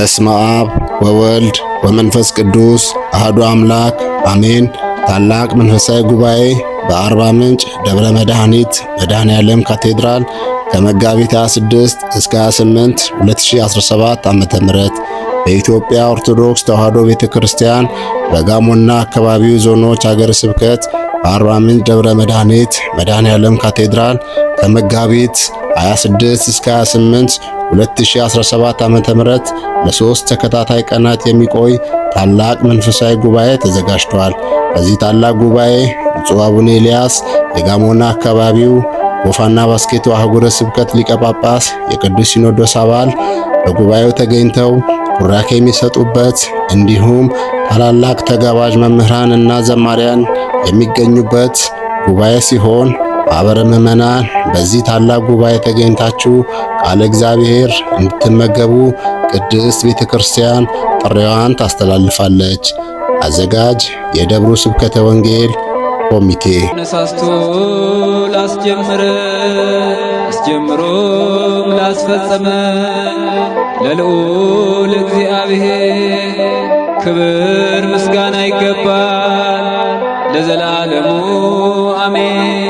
በስመ አብ ወወልድ ወመንፈስ ቅዱስ አህዱ አምላክ አሜን። ታላቅ መንፈሳዊ ጉባኤ በአርባ ምንጭ ደብረ መድኃኒት መድኃኔ ዓለም ካቴድራል ከመጋቢት 26 እስከ 28 2017 ዓ ም በኢትዮጵያ ኦርቶዶክስ ተዋሕዶ ክርስቲያን በጋሞና አካባቢው ዞኖች ሀገረ ስብከት በአርባ ምንጭ ደብረ መድኃኒት መድኃኔ ዓለም ካቴድራል ከመጋቢት 26 እስከ 28 2017 ዓ.ም ለሶስት ተከታታይ ቀናት የሚቆይ ታላቅ መንፈሳዊ ጉባኤ ተዘጋጅቷል። በዚህ ታላቅ ጉባኤ ብፁዕ አቡነ ኤልያስ የጋሞና አካባቢው ጎፋና ባስኬቶ አህጉረ ስብከት ሊቀ ጳጳስ፣ የቅዱስ ሲኖዶስ አባል በጉባኤው ተገኝተው ቡራኬ የሚሰጡበት እንዲሁም ታላላቅ ተጋባዥ መምህራን እና ዘማሪያን የሚገኙበት ጉባኤ ሲሆን ማኅበረ ምዕመናን በዚህ ታላቅ ጉባኤ ተገኝታችሁ ቃለ እግዚአብሔር እንድትመገቡ ቅድስት ቤተ ክርስቲያን ጥሪዋን ታስተላልፋለች። አዘጋጅ የደብሩ ስብከተ ወንጌል ኮሚቴ ነሳስቶ ላስጀምረ አስጀምሮም ላስፈጸመ ለልዑል እግዚአብሔር ክብር ምስጋና ይገባል ለዘላለሙ አሜን።